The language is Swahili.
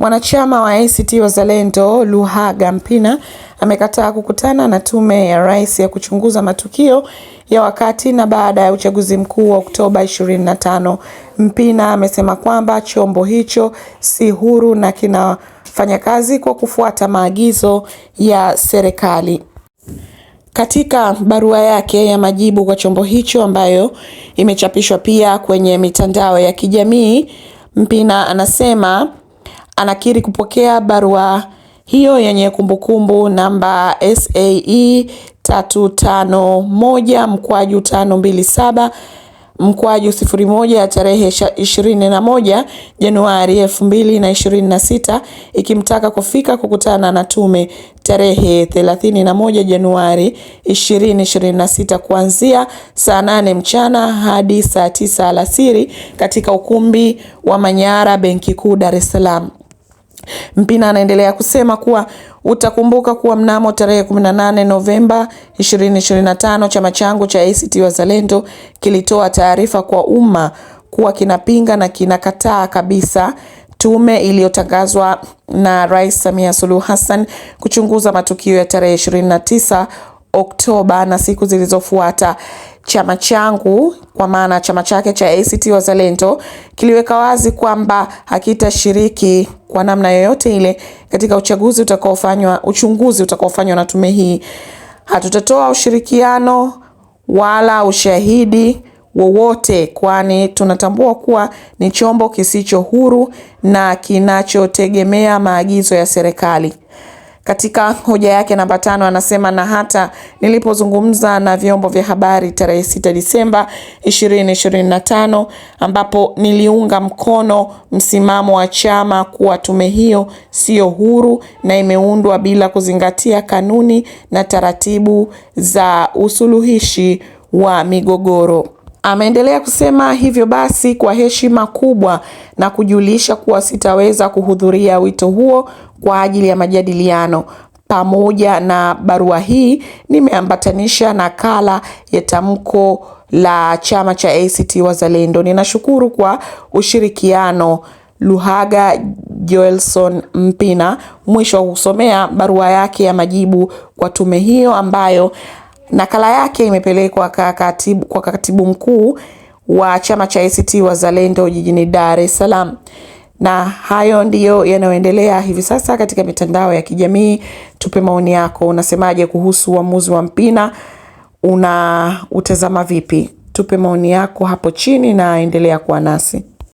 Mwanachama wa ACT Wazalendo Luhaga Mpina amekataa kukutana na tume ya rais ya kuchunguza matukio ya wakati na baada ya uchaguzi mkuu wa Oktoba 25. Mpina amesema kwamba chombo hicho si huru na kinafanya kazi kwa kufuata maagizo ya serikali. Katika barua yake ya majibu kwa chombo hicho ambayo imechapishwa pia kwenye mitandao ya kijamii, Mpina anasema anakiri kupokea barua hiyo yenye kumbukumbu namba SAE 351 mkwaju 527 mkwaju 01 ya tarehe 21 Januari 2026 ikimtaka kufika kukutana na tume tarehe 31 Januari 2026 kuanzia saa 8 mchana hadi saa 9 alasiri katika ukumbi wa Manyara, Benki Kuu, Dar es Salaam. Mpina anaendelea kusema kuwa utakumbuka kuwa mnamo tarehe 18 Novemba 2025 chama changu cha ACT Wazalendo kilitoa taarifa kwa umma kuwa kinapinga na kinakataa kabisa tume iliyotangazwa na Rais Samia Suluhu Hassan kuchunguza matukio ya tarehe 29 Oktoba na siku zilizofuata chama changu kwa maana chama chake cha ACT Wazalendo kiliweka wazi kwamba hakitashiriki kwa namna yoyote ile katika uchaguzi utakaofanywa, uchunguzi utakaofanywa na tume hii. Hatutatoa ushirikiano wala ushahidi wowote, kwani tunatambua kuwa ni chombo kisicho huru na kinachotegemea maagizo ya serikali. Katika hoja yake namba tano anasema na hata nilipozungumza na vyombo vya habari tarehe 6 Disemba 2025 ambapo niliunga mkono msimamo wa chama kuwa tume hiyo siyo huru na imeundwa bila kuzingatia kanuni na taratibu za usuluhishi wa migogoro. Ameendelea kusema hivyo basi, kwa heshima kubwa na kujulisha kuwa sitaweza kuhudhuria wito huo kwa ajili ya majadiliano. Pamoja na barua hii nimeambatanisha nakala ya tamko la chama cha ACT Wazalendo. Ninashukuru kwa ushirikiano. Luhaga Joelson Mpina. Mwisho wa kusomea barua yake ya majibu kwa tume hiyo ambayo Nakala yake imepelekwa kwa katibu, kwa katibu mkuu wa chama cha ACT Wazalendo jijini Dar es Salaam. Na hayo ndiyo yanayoendelea hivi sasa katika mitandao ya kijamii. Tupe maoni yako, unasemaje kuhusu uamuzi wa, wa Mpina? Una utazama vipi? Tupe maoni yako hapo chini na endelea kuwa nasi.